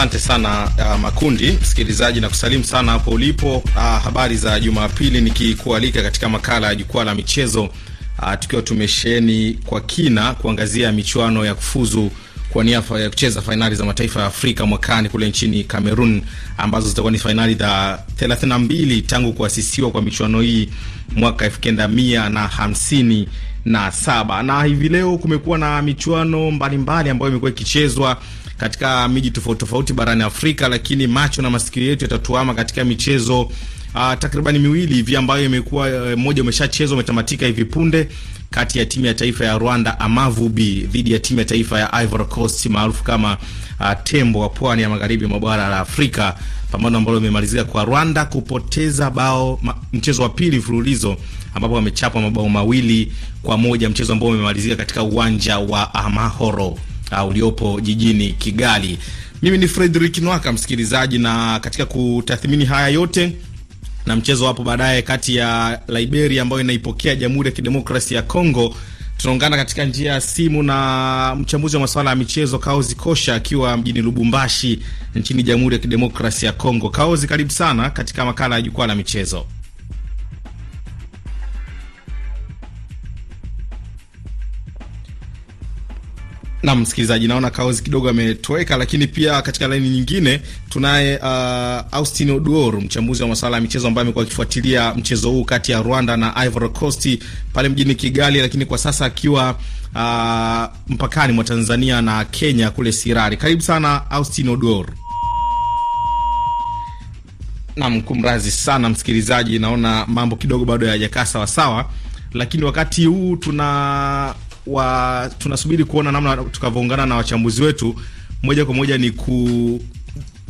Asante sana uh, Makundi. Msikilizaji na kusalimu sana hapo ulipo. Uh, habari za Jumapili nikikualika katika makala ya jukwaa la michezo uh, tukiwa tumesheni kwa kina kuangazia michuano ya kufuzu kwa nia ya kucheza fainali za mataifa ya Afrika mwakani kule nchini Cameroon, ambazo zitakuwa ni fainali za 32 tangu kuasisiwa kwa michuano hii mwaka 1957 na, na hivi leo kumekuwa na michuano mbalimbali ambayo imekuwa ikichezwa katika miji tofauti tofauti barani Afrika, lakini macho na masikio yetu yatatuama katika michezo uh, takribani miwili hivi ambayo imekuwa uh, moja umeshachezwa umetamatika hivi punde kati ya timu ya taifa ya Rwanda Amavubi dhidi ya timu ya taifa ya Ivory Coast maarufu kama uh, Tembo wa pwani ya magharibi mwa bara la Afrika, pambano ambalo limemalizika kwa Rwanda kupoteza bao mchezo wa pili mfululizo ambapo wamechapwa mabao mawili kwa moja, mchezo ambao umemalizika katika uwanja wa Amahoro uh, uliopo jijini Kigali. Mimi ni Frederick Nwaka, msikilizaji, na katika kutathmini haya yote na mchezo wapo baadaye kati ya Liberia ambayo inaipokea Jamhuri ya Kidemokrasia ya Kongo, tunaungana katika njia ya simu na mchambuzi wa masuala ya michezo Kaozi Kosha akiwa mjini Lubumbashi nchini Jamhuri ya Kidemokrasia ya Kongo. Kaozi, karibu sana katika makala ya Jukwaa la Michezo. Na msikilizaji, naona kaozi kidogo ametoweka, lakini pia katika laini nyingine tunaye uh, Austin Odor, mchambuzi wa masuala ya michezo ambaye amekuwa akifuatilia mchezo huu kati ya Rwanda na Ivory Coast pale mjini Kigali, lakini kwa sasa akiwa uh, mpakani mwa Tanzania na Kenya kule Sirari. Karibu sana Austin Odor. Nam, kumrazi sana msikilizaji, naona mambo kidogo bado hayajakaa sawasawa, lakini wakati huu tuna wa, tunasubiri kuona namna tukavyoungana na wachambuzi wetu moja kwa moja ni ku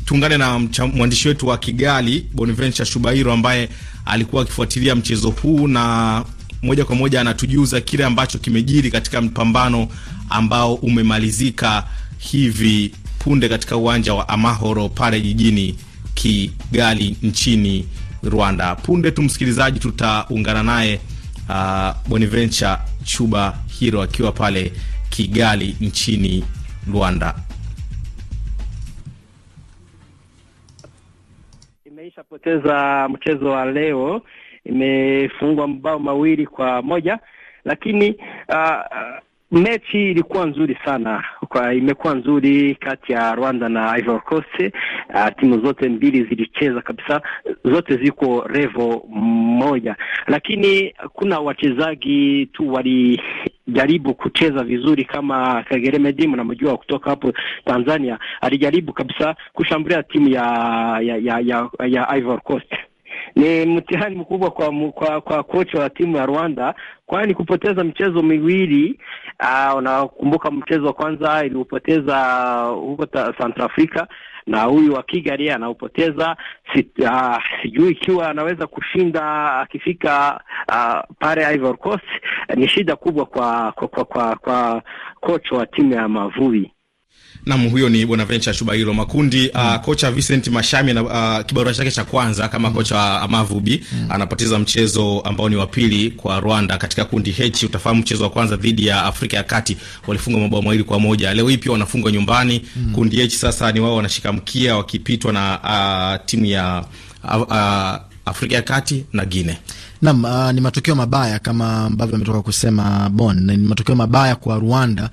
tuungane na mwandishi wetu wa Kigali Bonaventure Shubairo ambaye alikuwa akifuatilia mchezo huu na moja kwa moja anatujuza kile ambacho kimejiri katika mpambano ambao umemalizika hivi punde katika uwanja wa Amahoro pale jijini Kigali nchini Rwanda. Punde tu msikilizaji, tutaungana naye uh, Bonaventure Chuba Hiro akiwa pale Kigali nchini Rwanda. imeishapoteza mchezo wa leo, imefungwa mabao mawili kwa moja lakini uh, Mechi ilikuwa nzuri sana kwa, imekuwa nzuri kati ya Rwanda na Ivory Coast. Uh, timu zote mbili zilicheza kabisa, zote ziko revo moja, lakini kuna wachezaji tu wali jaribu kucheza vizuri kama Kagere Medhi, mnamjua kutoka hapo Tanzania, alijaribu kabisa kushambulia timu ya ya ya, ya, ya Ivory Coast ni mtihani mkubwa kwa kwa, kwa kocha wa timu ya Rwanda, kwani kupoteza michezo miwili. Uh, unakumbuka mchezo wa kwanza iliupoteza uh, huko Centrafrica na huyu wa Kigali anaupoteza. Ah, sijui uh, ikiwa anaweza kushinda akifika uh, pale Ivory Coast. Ni shida kubwa kwa kwa kwa, kwa, kwa kocha wa timu ya mavui Nam, huyo ni Bonaventure Shubahiro Makundi. mm. Uh, kocha Vincent Mashami na uh, kibarua chake cha kwanza kama mm. kocha wa Amavubi mm. anapoteza mchezo ambao ni wa pili kwa Rwanda katika kundi H. Utafahamu mchezo wa kwanza dhidi ya Afrika ya Kati walifunga mabao mawili kwa moja. Leo hii pia wanafungwa nyumbani mm. kundi H sasa ni wao wanashika mkia wakipitwa na uh, timu ya uh, uh, Afrika ya Kati na Guine. Nam uh, ni matokeo mabaya kama ambavyo ametoka kusema Bon, ni matokeo mabaya kwa Rwanda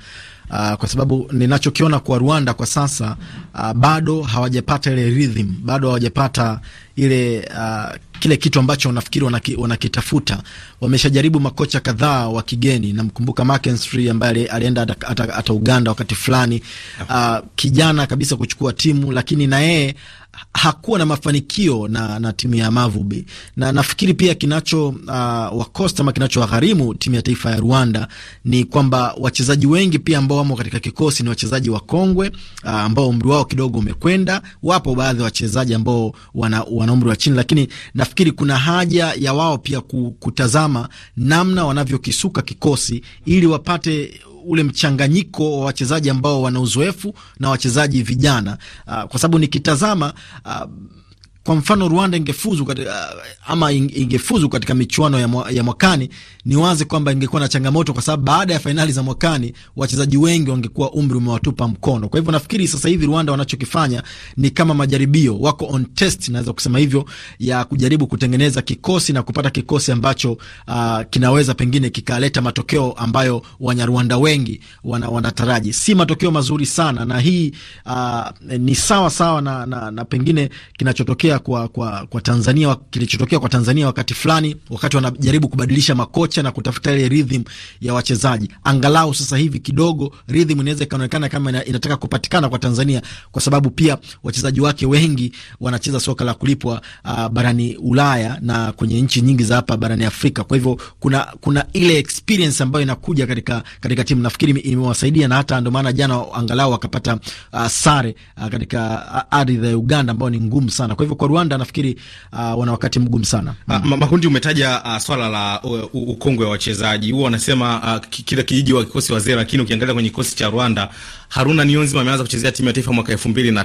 uh, kwa sababu ninachokiona kwa Rwanda kwa sasa uh, bado hawajapata ile rhythm, bado hawajapata ile uh, kile kitu ambacho nafikiri wanakitafuta. wameshajaribu makocha kadhaa wa kigeni, namkumbuka Mackenzie ambaye alienda hata Uganda wakati fulani, uh, kijana kabisa kuchukua timu, lakini na yeye hakuwa na mafanikio na, na timu ya Mavubi na nafikiri pia kinacho uh, wakosta ama kinacho wagharimu timu ya taifa ya Rwanda ni kwamba wachezaji wengi pia ambao wamo katika kikosi ni wachezaji kongwe uh, ambao umri wao kidogo umekwenda. Wapo baadhi ya wachezaji ambao wana, wana umri wa chini, lakini nafikiri kuna haja ya wao pia kutazama namna wanavyokisuka kikosi ili wapate ule mchanganyiko wa wachezaji ambao wana uzoefu na wachezaji vijana, ah, kwa sababu nikitazama ah, kwa mfano Rwanda ingefuzu katika, uh, ama ingefuzu katika michuano ya, mwa, ya mwakani, ni wazi kwamba ingekuwa na changamoto, kwa sababu baada ya fainali za mwakani wachezaji wengi wangekuwa umri umewatupa mkono. Kwa hivyo nafikiri sasa hivi Rwanda wanachokifanya ni kama majaribio, wako on test, naweza kusema hivyo, ya kujaribu kutengeneza kikosi na kupata kikosi ambacho uh, kinaweza pengine kikaleta matokeo ambayo Wanyarwanda wengi wanataraji. Wana si matokeo mazuri sana, na hii uh, ni sawa sawa na, na, na pengine kinachotokea kilichotokea kwa, kwa, kwa Tanzania kilichotokea kwa Tanzania wakati fulani, wakati wanajaribu kubadilisha makocha na kutafuta ile rhythm ya wachezaji. Angalau sasa hivi kidogo rhythm inaweza ikaonekana kama inataka kupatikana kwa Tanzania, kwa sababu pia wachezaji wake wengi wanacheza soka la kulipwa uh, barani Ulaya na kwenye nchi nyingi za hapa barani Afrika. Kwa hivyo kuna, kuna ile experience ambayo inakuja katika, katika timu nafikiri imewasaidia na hata ndio maana jana angalau wakapata uh, sare uh, katika ardhi ya Uganda ambayo ni ngumu sana. Kwa hivyo kwa Rwanda nafikiri uh, wana wakati mgumu sana ah, mm. Uh, makundi umetaja uh, swala la uh, ukongwe wa wachezaji huo wanasema uh, kila kijiji wa kikosi wazee, lakini ukiangalia kwenye kikosi cha Rwanda Haruna Niyonzima ameanza kuchezea timu ya taifa mwaka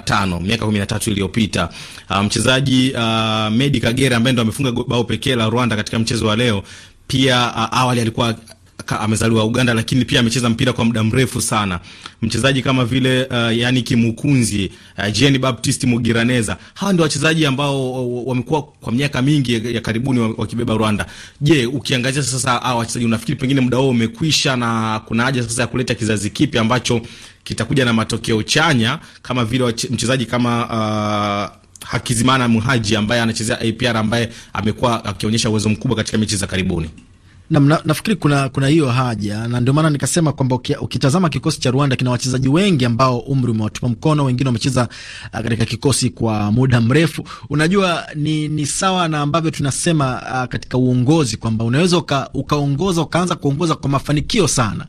tano miaka tatu iliyopita. Uh, mchezaji uh, Medi Kagere ambaye ndo amefunga bao pekee la Rwanda katika mchezo wa leo pia uh, awali alikuwa amezaliwa Uganda, lakini pia amecheza mpira kwa muda mrefu sana. Mchezaji kama vile uh, yani Kimukunzi, uh, Jean Baptiste Mugiraneza, hawa ndio wachezaji ambao uh, wamekuwa kwa miaka mingi ya karibuni wakibeba Rwanda. Je, ukiangazia sasa hawa uh, wachezaji unafikiri pengine muda wao umekwisha na kuna haja sasa ya kuleta kizazi kipi ambacho kitakuja na matokeo chanya kama vile mchezaji kama uh, Hakizimana Muhaji ambaye anachezea APR ambaye amekuwa akionyesha uwezo mkubwa katika mechi za karibuni? na, nafikiri kuna kuna hiyo haja na ndio maana nikasema kwamba ukitazama kikosi cha Rwanda kina wachezaji wengi ambao umri umewatupa mkono, wengine wamecheza ah, katika kikosi kwa muda mrefu. Unajua ni, ni sawa na ambavyo tunasema a, ah, katika uongozi kwamba unaweza uka, ukaongoza ukaanza kuongoza kwa mafanikio sana,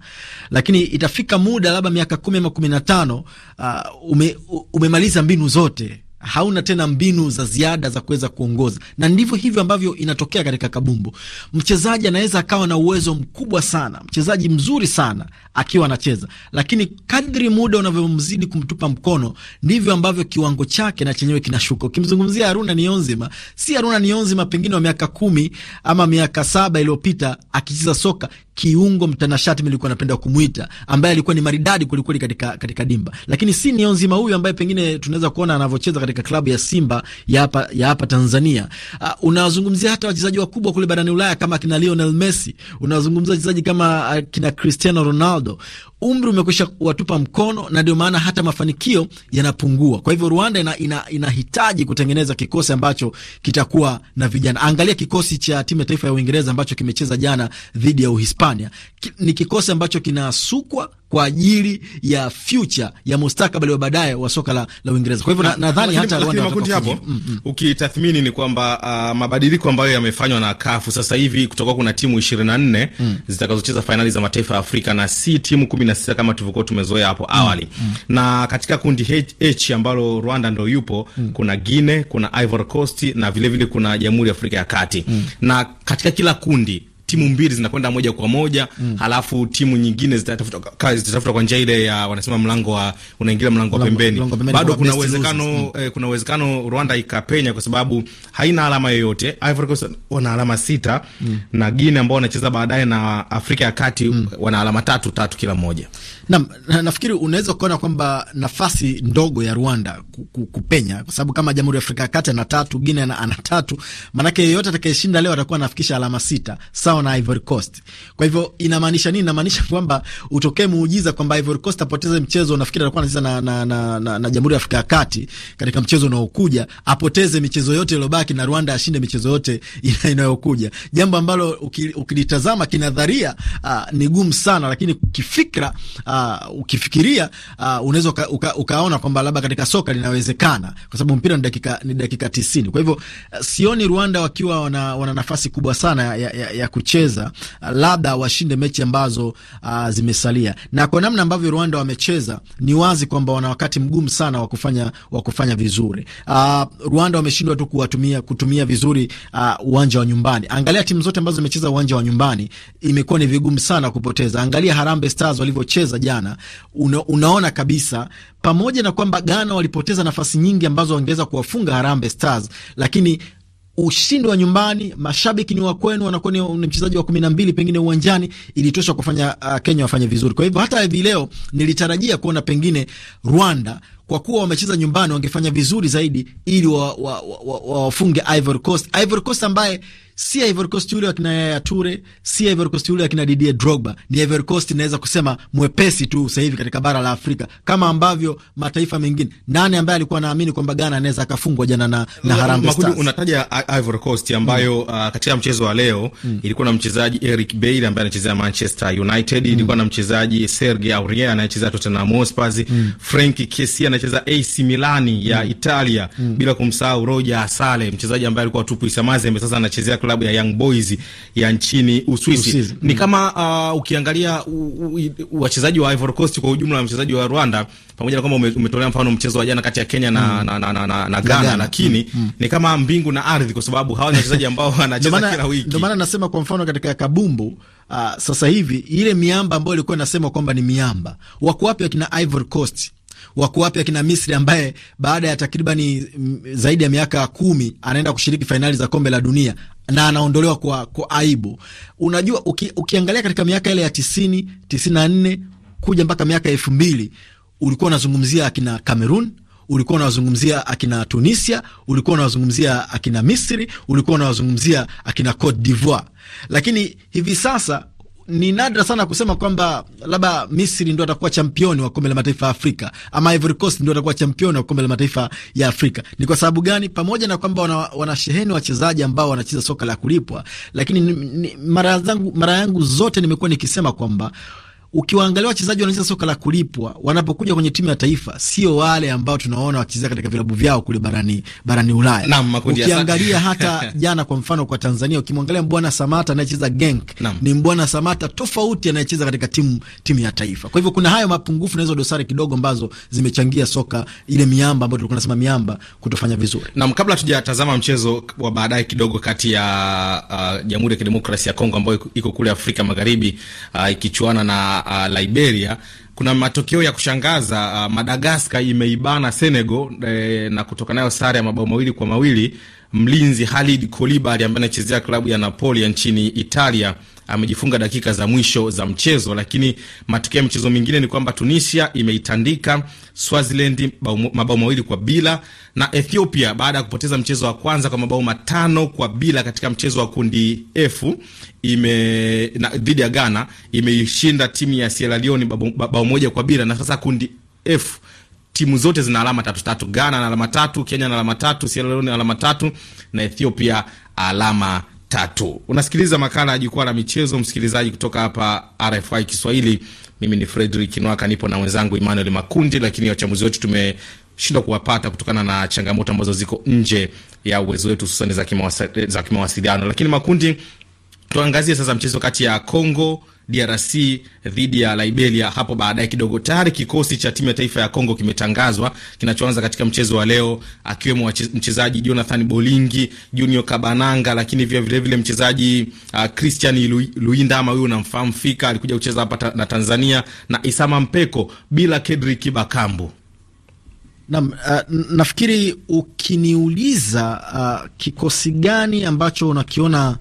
lakini itafika muda labda miaka kumi ama kumi na tano ah, ume, umemaliza mbinu zote hauna tena mbinu za ziada za kuweza kuongoza, na ndivyo hivyo ambavyo inatokea katika kabumbu. Mchezaji anaweza akawa na uwezo mkubwa sana, mchezaji mzuri sana akiwa anacheza, lakini kadri muda unavyomzidi kumtupa mkono, ndivyo ambavyo kiwango chake na chenyewe kinashuka. Ukimzungumzia Haruna Nionzima, si Haruna Nionzima pengine wa miaka kumi ama miaka saba iliyopita akicheza soka, kiungo mtanashati nilikuwa napenda kumwita, ambaye alikuwa ni maridadi kwelikweli katika, katika dimba, lakini si Nionzima huyu ambaye pengine tunaweza kuona anavyocheza katika katika klabu ya Simba ya hapa ya hapa Tanzania. Uh, ah, unazungumzia hata wachezaji wakubwa kule barani Ulaya kama kina Lionel Messi, unazungumzia wachezaji kama uh, kina Cristiano Ronaldo. Umri umekwisha watupa mkono, na ndio maana hata mafanikio yanapungua. Kwa hivyo Rwanda ina, ina, inahitaji kutengeneza kikosi ambacho kitakuwa na vijana. Angalia kikosi cha timu ya taifa ya Uingereza ambacho kimecheza jana dhidi ya Uhispania. Ki, ni kikosi ambacho kinasukwa kwa ajili ya future ya mustakabali wa baadaye wa soka la, la Uingereza. Kwa hivyo nadhani na hata makundi hapo mm -mm. Ukitathmini ni kwamba uh, mabadiliko ambayo yamefanywa na CAF sasa hivi kutoka kuna timu 24 mm. zitakazocheza fainali za mataifa ya Afrika na si timu 16 kama tulivyokuwa tumezoea hapo mm. awali mm -mm. na katika kundi H, ambalo Rwanda ndio yupo mm. kuna Guinea, kuna Ivory Coast na vilevile vile kuna Jamhuri ya Afrika ya Kati mm. na katika kila kundi timu mbili zinakwenda moja kwa moja mm. Halafu timu nyingine zitatafuta zitatafuta kwa njia ile ya wanasema mlango wa unaingilia mlango wa pembeni. Bado kuna uwezekano mm. eh, kuna uwezekano Rwanda ikapenya kwa sababu haina alama yoyote. Ivory Coast wana alama sita mm. na Guinea ambao wanacheza baadaye na Afrika ya Kati mm. wana alama tatu tatu kila moja. Naam, na, nafikiri unaweza kuona kwamba nafasi ndogo ya Rwanda kupenya kwa sababu kama Jamhuri ya Afrika ya Kati ana tatu, Guinea ana tatu, maana yeyote atakayeshinda leo atakuwa anafikisha alama sita. Sa zao na Ivory Coast. Kwa hivyo inamaanisha nini? Inamaanisha kwamba utokee muujiza kwamba Ivory Coast apoteze mchezo, nafikiri alikuwa anacheza na, na, na, na, na Jamhuri ya Afrika ya Kati katika mchezo unaokuja, apoteze michezo yote iliyobaki na Rwanda ashinde michezo yote inayokuja, jambo ambalo ukilitazama kinadharia uh, ni gumu sana, lakini kifikra, uh, ukifikiria uh, unaweza uka, uka, ukaona kwamba labda katika soka linawezekana, kwa sababu mpira ni dakika ni dakika 90. Kwa hivyo sioni Rwanda wakiwa wana, wana nafasi kubwa sana ya, ya, ya, ya kucheza labda washinde mechi ambazo uh, zimesalia. Na kwa namna ambavyo Rwanda wamecheza ni wazi kwamba wana wakati mgumu sana wa kufanya wa kufanya vizuri. Uh, Rwanda wameshindwa tu kuwatumia kutumia vizuri ah, uwanja uh, wa nyumbani. Angalia timu zote ambazo zimecheza uwanja wa nyumbani, imekuwa ni vigumu sana kupoteza. Angalia Harambee Stars walivyocheza jana, una, unaona kabisa pamoja na kwamba Ghana walipoteza nafasi nyingi ambazo wangeweza kuwafunga Harambee Stars, lakini ushindi wa nyumbani, mashabiki ni wa kwenu, wanakuwa ni mchezaji wa kumi na mbili pengine uwanjani, ilitosha kufanya uh, Kenya wafanye vizuri. Kwa hivyo hata hivi leo nilitarajia kuona pengine Rwanda kwa kuwa wamecheza nyumbani wangefanya vizuri zaidi ili wawafunge wa, wa, wa Ivory Coast. Ivory Coast ambaye si Ivory Coast yule akina Yaya Toure, si Ivory Coast yule akina Didier Drogba. Ni Ivory Coast inaweza kusema mwepesi tu sasa hivi katika bara la Afrika, kama ambavyo mataifa mengine. Nani ambaye alikuwa anaamini kwamba Ghana anaweza akafungwa jana na, na Harambee Stars? Unataja Ivory Coast ambayo mm. uh, katika mchezo wa leo mm. ilikuwa na mchezaji Eric Bailly ambaye anachezea Manchester United mm. ilikuwa na mchezaji Serge Aurier anayechezea Tottenham Hotspur mm. Frank Kessie anacheza AC Milani ya mm. Italia mm. bila kumsahau Roja Asale, mchezaji ambaye alikuwa Tupuisa Mazembe, sasa anachezea klabu ya Young Boys ya nchini Uswisi. Uswisi. Ni mm. kama uh, ukiangalia wachezaji wa Ivory Coast kwa ujumla na mchezaji wa Rwanda, pamoja na kwamba umetolea mfano mchezo wa jana kati ya Kenya na, mm. na, na, na, na, na Ghana, lakini mm. mm. ni kama mbingu na ardhi, kwa sababu hawa ni wachezaji ambao wanacheza kila wiki. Ndio maana nasema kwa mfano katika kabumbu Uh, sasa hivi ile miamba ambayo ilikuwa inasema kwamba ni miamba wako wapi? Akina Ivory Coast wako wapi akina Misri ambaye baada ya takribani mm, zaidi ya miaka kumi anaenda kushiriki fainali za kombe la dunia na anaondolewa kwa, kwa aibu. Unajua uki, ukiangalia katika miaka ile ya tisini, tisini na nne kuja mpaka miaka elfu mbili ulikuwa unazungumzia akina Cameroon ulikuwa unawazungumzia akina Tunisia, ulikuwa unawazungumzia akina Misri, ulikuwa unawazungumzia akina Cote d'Ivoire, lakini hivi sasa ni nadra sana kusema kwamba labda Misri ndio atakuwa championi wa kombe la mataifa ya Afrika ama Ivory Coast ndio atakuwa championi wa kombe la mataifa ya Afrika. Ni kwa sababu gani? Pamoja na kwamba wana, wanasheheni wachezaji ambao wanacheza soka la kulipwa, lakini mara zangu mara yangu zote nimekuwa nikisema kwamba ukiwaangalia wachezaji wanacheza soka la kulipwa wanapokuja kwenye timu ya taifa, sio wale ambao tunaona wakicheza katika vilabu vyao kule barani, barani Ulaya ukiangalia hata jana kwa mfano kwa Tanzania ukimwangalia Mbwana Samata anayecheza Genk ni Mbwana Samata tofauti anayecheza katika timu, timu ya taifa. Kwa hivyo kuna hayo mapungufu na hizo dosari kidogo ambazo zimechangia soka ile miamba ambayo tulikuwa nasema miamba kutofanya vizuri. Nam, kabla tujatazama mchezo wa baadaye kidogo kati ya uh, Jamhuri uh, ya Kidemokrasia ya Kongo ambayo iko kule Afrika Magharibi uh, ikichuana na uh, Liberia. Kuna matokeo ya kushangaza uh, Madagaskar imeibana Senegal eh, na kutoka nayo sare ya mabao mawili kwa mawili. Mlinzi Halid Kolibali ambaye anachezea klabu ya Napoli ya nchini Italia amejifunga dakika za mwisho za mchezo. Lakini matokeo ya michezo mingine ni kwamba Tunisia imeitandika Swaziland mabao mawili kwa bila, na Ethiopia baada ya kupoteza mchezo wa kwanza kwa mabao matano kwa bila katika mchezo wa kundi F ime dhidi ya Ghana imeishinda timu ya Sierra Leone bao moja kwa bila, na sasa kundi F timu zote zina alama tatu tatu. Ghana na alama tatu, Kenya na alama tatu, Sierra Leone alama tatu na Ethiopia alama tatu. Unasikiliza makala ya jukwaa la michezo, msikilizaji, kutoka hapa RFI Kiswahili. Mimi ni Fredrik Nwaka, nipo na mwenzangu Emmanuel Makundi, lakini wachambuzi wetu tumeshindwa kuwapata kutokana na changamoto ambazo ziko nje ya uwezo wetu, hususan za kimawasiliano. Lakini Makundi, tuangazie sasa mchezo kati ya Congo DRC dhidi ya Liberia hapo baadaye kidogo. Tayari kikosi cha timu ya taifa ya Kongo kimetangazwa kinachoanza katika mchezo wa leo, akiwemo mchezaji Jonathan Bolingi, Junior Kabananga, lakini pia vile vile mchezaji uh, Christian Luinda ama huyu unamfahamu fika, alikuja kucheza hapa ta, na Tanzania na Isama Mpeko bila Kedrick Bakambu. Na, uh, ah, nafikiri ukiniuliza uh, kikosi gani ambacho unakiona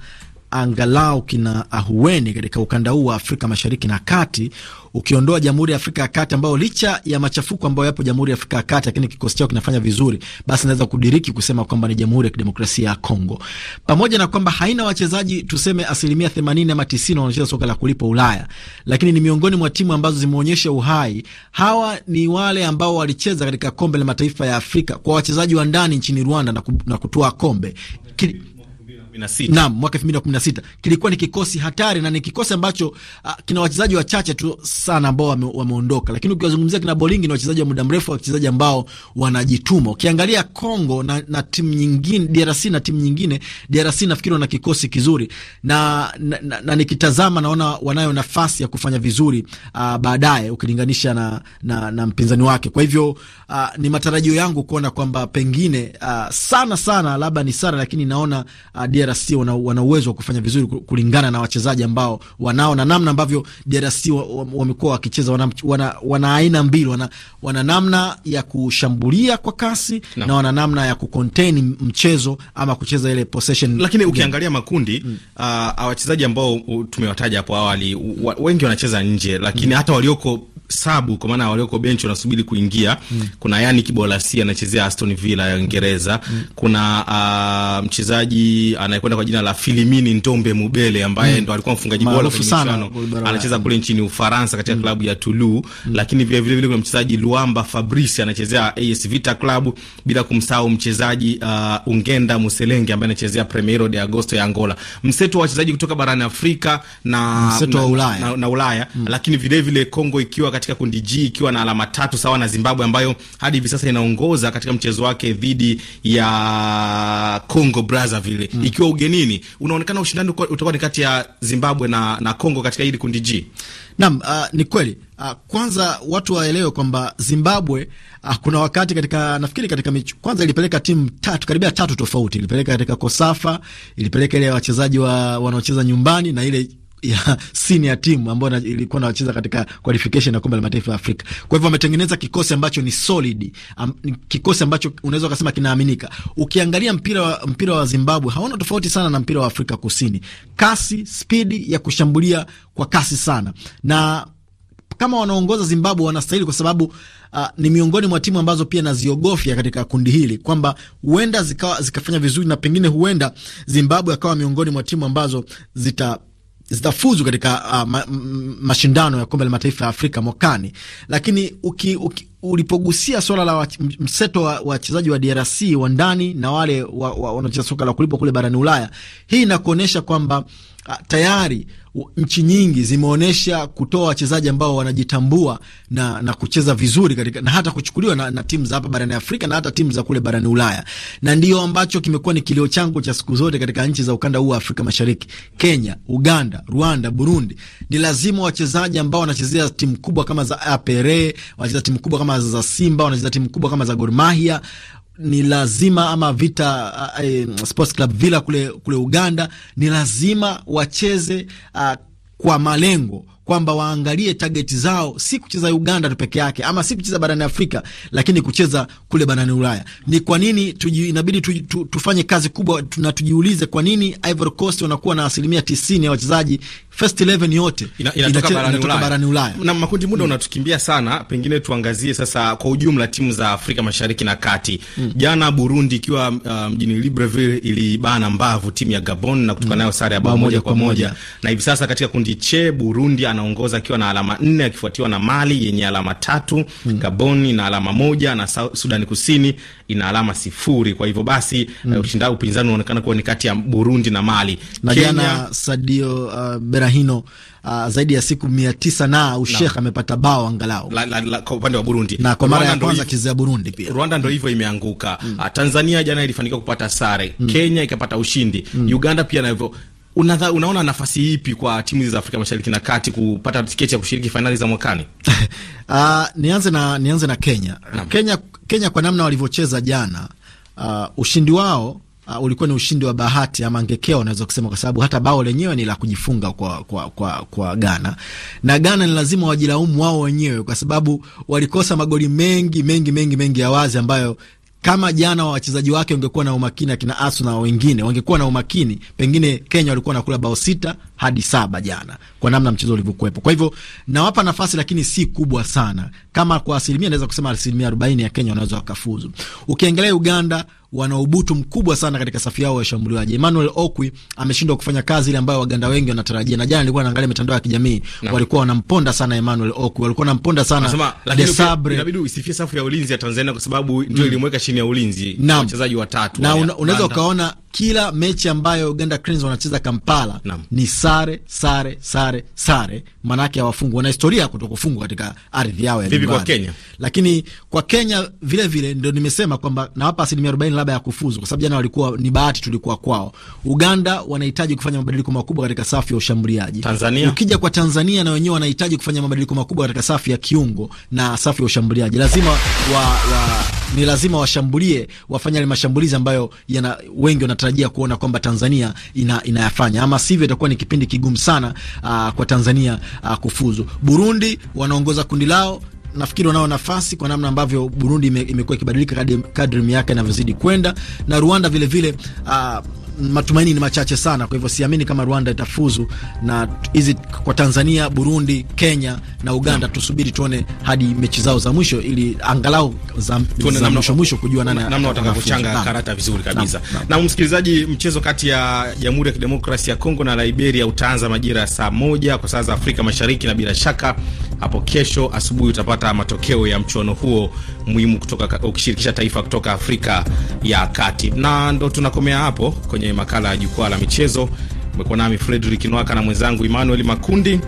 angalau kina ahueni katika ukanda huu wa Afrika Mashariki na Kati, ukiondoa Jamhuri ya Afrika ya Kati ambayo licha ya machafuko ambayo yapo Jamhuri ya Afrika ya Kati, lakini kikosi chao kinafanya vizuri, basi naweza kudiriki kusema kwamba ni Jamhuri ya Kidemokrasia ya Kongo, pamoja na kwamba haina wachezaji tuseme asilimia themanini ama tisini wanaocheza soka la kulipa Ulaya, lakini ni miongoni mwa timu ambazo zimeonyesha uhai. Hawa ni wale ambao walicheza katika kombe la mataifa ya Afrika kwa wachezaji wa ndani nchini Rwanda na, ku, na kutoa kombe Kili, naam, mwaka sita kilikuwa ni kikosi hatari na ni kikosi ambacho uh, kina wachezaji wachache tu sana ambao wameondoka wame, lakini ukiwazungumzia kina Bolingi ni wachezaji wa muda mrefu, wachezaji ambao wanajituma. Ukiangalia Congo na, na timu nyingine DRC na timu nyingine DRC, nafikiri wana kikosi kizuri na, na, na, na nikitazama naona wanayo nafasi ya kufanya vizuri uh, baadaye ukilinganisha na, na, na mpinzani wake. Kwa hivyo uh, ni matarajio yangu kuona kwamba pengine uh, sana sana labda ni sara, lakini naona uh, DRC wana uwezo wa kufanya vizuri kulingana na wachezaji ambao wanao na namna ambavyo DRC wamekuwa wakicheza. Wana, wana, wana aina mbili, wana, wana namna ya kushambulia kwa kasi no. na wana namna ya kucontain mchezo ama kucheza ile possession, lakini ukiangalia makundi mm. uh, wachezaji ambao uh, tumewataja hapo awali wengi wanacheza nje, lakini mm. hata walioko sabu kwa maana walioko benchi wanasubiri kuingia mm. Kuna yani Kibolasi anachezea Aston Villa ya Uingereza mm. Kuna uh, mchezaji anayekwenda kwa jina la Filimini Ntombe Mubele ambaye mm. ndo alikuwa mfungaji bora kwenye michuano anacheza kule nchini Ufaransa katika mm. klabu ya Toulouse mm. Lakini vile vile, vile kuna mchezaji Luamba Fabrice anachezea AS Vita Club, bila kumsahau mchezaji uh, Ungenda Muselenge ambaye anachezea Primeiro de Agosto ya Angola. Mseto wa wachezaji kutoka barani Afrika na mseto wa Ulaya na, na Ulaya mm. Lakini vile vile Kongo ikiwa katika kundi G ikiwa na alama tatu sawa na Zimbabwe ambayo hadi hivi sasa inaongoza katika mchezo wake dhidi ya Congo Brazzaville mm. ikiwa ugenini. Unaonekana ushindani utakuwa ni kati ya Zimbabwe na, na Congo katika hili kundi G. Naam, uh, ni kweli uh, kwanza watu waelewe kwamba Zimbabwe uh, kuna wakati katika nafikiri katika michu, kwanza ilipeleka timu tatu karibia tatu tofauti, ilipeleka katika Kosafa, ilipeleka ile wachezaji wa wanaocheza nyumbani na ile ya senior team ambayo ilikuwa inacheza katika qualification ya kombe la mataifa ya Afrika. Kwa hivyo wametengeneza kikosi ambacho ni solid, um, kikosi ambacho unaweza kusema kinaaminika. Ukiangalia mpira wa, mpira wa Zimbabwe haona tofauti sana na mpira wa Afrika Kusini. Kasi, spidi ya kushambulia kwa kasi sana. Na kama wanaongoza Zimbabwe wanastahili kwa sababu Uh, ni miongoni mwa timu ambazo pia naziogofya katika kundi hili kwamba huenda zika, zikafanya vizuri na pengine huenda Zimbabwe akawa miongoni mwa timu ambazo zita zitafuzu katika uh, ma, m, mashindano ya kombe la mataifa ya Afrika mwakani. Lakini uki, uki, ulipogusia swala la mseto wa wachezaji wa DRC wa ndani na wale wanaocheza wa, wa, soka la kulipwa kule barani Ulaya, hii inakuonyesha kwamba Ah, tayari nchi nyingi zimeonyesha kutoa wachezaji ambao wanajitambua na, na kucheza vizuri katika, na hata kuchukuliwa na, na timu za hapa barani Afrika na hata timu za kule barani Ulaya, na ndio ambacho kimekuwa ni kilio changu cha siku zote katika nchi za ukanda huu wa Afrika Mashariki, Kenya, Uganda, Rwanda, Burundi. Ni lazima wachezaji ambao wanachezea timu kubwa kama za APR, wanacheza timu kubwa kama za Simba, wanacheza timu kubwa kama za Gor Mahia ni lazima ama Vita eh, eh, Sports Club Villa kule, kule Uganda ni lazima wacheze uh, kwa malengo kwamba waangalie target zao si kucheza Uganda tu peke yake, ama si kucheza barani Afrika, lakini kucheza kule barani Ulaya. Ni kwa nini tuji, inabidi tu, tu, tufanye kazi kubwa na tujiulize kwa nini Ivory Coast wanakuwa na asilimia tisini ya wachezaji first 11 yote inatoka, barani, Ulaya. na makundi muda mm. unatukimbia sana, pengine tuangazie sasa kwa ujumla timu za Afrika Mashariki na Kati mm. Jana Burundi ikiwa uh, mjini um, Libreville ilibana mbavu timu ya Gabon na kutoka mm. nayo sare ya bao moja kwa moja, na hivi sasa katika kundi che Burundi anaongoza akiwa na alama nne akifuatiwa na Mali yenye alama tatu mm. Gaboni na alama moja na Sudani Kusini ina alama sifuri. Kwa hivyo basi mm. uh, eh, ushinda upinzani unaonekana kuwa ni kati ya Burundi na Mali na Kenya, jana Sadio uh, Berahino Uh, zaidi ya siku mia tisa na ushekh amepata bao angalau la, la, la, kwa upande wa Burundi, na kwa mara ya kwanza kiza Burundi pia Rwanda ndo hmm. hivyo imeanguka. mm. uh, Tanzania jana ilifanikiwa kupata sare mm. Kenya ikapata ushindi mm. Uganda pia na hivyo Unatha, unaona nafasi ipi kwa timu za Afrika Mashariki na Kati kupata tiketi ya kushiriki fainali za mwakani? Uh, nianze na nianze na Kenya. Kenya Kenya kwa namna walivyocheza jana, uh, ushindi wao uh, ulikuwa ni ushindi wa bahati ama ngekeo unaweza kusema, kwa sababu hata bao lenyewe ni la kujifunga kwa kwa kwa, kwa Ghana. Na Ghana ni lazima wajilaumu wao wenyewe kwa sababu walikosa magoli mengi mengi mengi mengi ya wazi ambayo kama jana wachezaji wake wangekuwa na umakini, akina Asu na wengine wangekuwa na umakini, pengine Kenya walikuwa nakula bao sita hadi saba jana, kwa namna mchezo ulivyokuwepo. Kwa hivyo nawapa nafasi, lakini si kubwa sana. Kama kwa asilimia, naweza kusema asilimia arobaini ya Kenya wanaweza wakafuzu. Ukiangalia Uganda wana ubutu mkubwa sana katika safu yao ya shambuliaji. Emmanuel Okwi ameshindwa kufanya kazi ile ambayo Waganda wengi wanatarajia, na jana nilikuwa naangalia mitandao ya kijamii no. walikuwa wanamponda sana Emmanuel Okwi, walikuwa wanamponda sana De Inabidi usifie safu ya ulinzi ya Tanzania kwa sababu ndio mm. ilimweka chini ya ulinzi wachezaji watatu, na unaweza ukaona kila mechi ambayo Uganda Cranes wanacheza Kampala na ni sare sare sare sare, maanake hawafungwi. Wana historia ya kutokufungwa katika ardhi yao ya nyumbani, lakini kwa Kenya vile vile ndio nimesema kwamba nawapa asilimia arobaini labda ya kufuzu, kwa sababu jana walikuwa ni bahati tulikuwa kwao. Uganda wanahitaji kufanya mabadiliko makubwa katika safu ya ushambuliaji. Tanzania, ukija kwa Tanzania na wenyewe wanahitaji kufanya mabadiliko makubwa katika safu ya kiungo na safu ya ushambuliaji, lazima wa, wa ni lazima washambulie, wafanye yale mashambulizi ambayo yana wengi wanatarajia kuona kwamba Tanzania ina, inayafanya, ama sivyo itakuwa ni kipindi kigumu sana aa, ah, kwa Tanzania aa, ah, kufuzu. Burundi wanaongoza kundi lao nafikiri wanao nafasi kwa namna ambavyo Burundi imekuwa ikibadilika kadri miaka inavyozidi kwenda, na Rwanda vilevile vile, uh, matumaini ni machache sana. Kwa hivyo siamini kama Rwanda itafuzu na hizi. Kwa Tanzania, Burundi, Kenya na Uganda tusubiri tuone hadi mechi zao za mwisho, ili angalau za, za mwisho mwisho kujua nani namna watakavyochanga karata vizuri kabisa. Na, na. na msikilizaji, mchezo kati ya Jamhuri ya Kidemokrasia ya Kongo na Liberia utaanza majira ya saa moja kwa saa za Afrika Mashariki, na bila shaka hapo kesho asubuhi utapata matokeo ya mchuano huo muhimu kutoka ukishirikisha taifa kutoka Afrika ya Kati. Na ndo tunakomea hapo kwenye makala ya jukwaa la michezo. Umekuwa nami Fredrick Nwaka na mwenzangu Emmanuel Makundi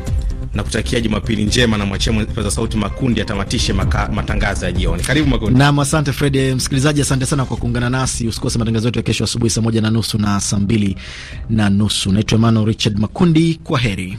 na kutakia Jumapili njema, na mwachia mwenyekiti sauti Makundi atamatishe matangazo ya jioni. Karibu Makundi. Naam, asante Fred. Msikilizaji, asante sana kwa kuungana nasi. Usikose matangazo yetu ya kesho asubuhi saa moja na nusu na saa mbili na nusu. Naitwa Emmanuel Richard Makundi, kwa heri.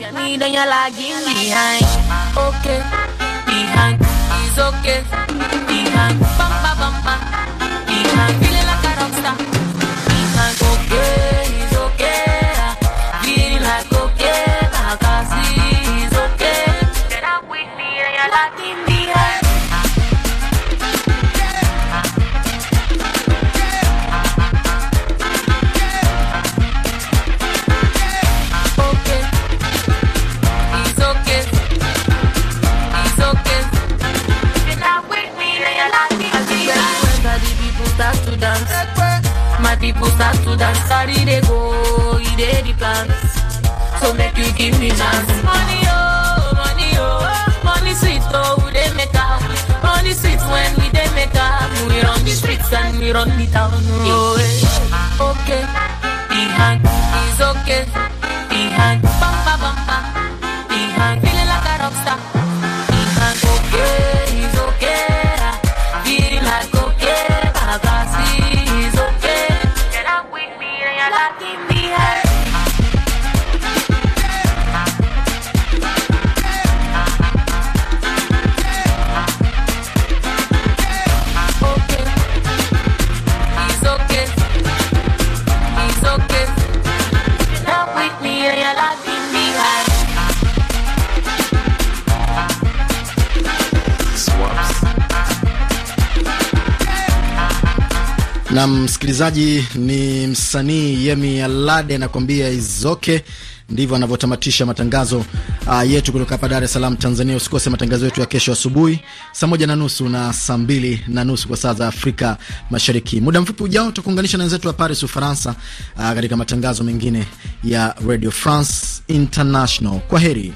with me, then you're lagging behind. Okay, behind is okay, behind. bam bam bumba. people start to dance, carry they go, it they the plans. So make you give me chance. Money oh, money oh, money sweet oh, we they make up. Money sweet when we they make up. We run the streets and we run the town. Oh, eh. okay, the hand is okay. na msikilizaji, ni msanii Yemi Alade anakuambia izoke. Ndivyo anavyotamatisha matangazo uh, yetu kutoka hapa Dar es Salaam, Tanzania. Usikose matangazo yetu ya kesho asubuhi saa moja na nusu na saa mbili na nusu kwa saa za Afrika Mashariki. Muda mfupi ujao tutakuunganisha na wenzetu wa Paris, Ufaransa, uh, katika matangazo mengine ya Radio France International. Kwa heri.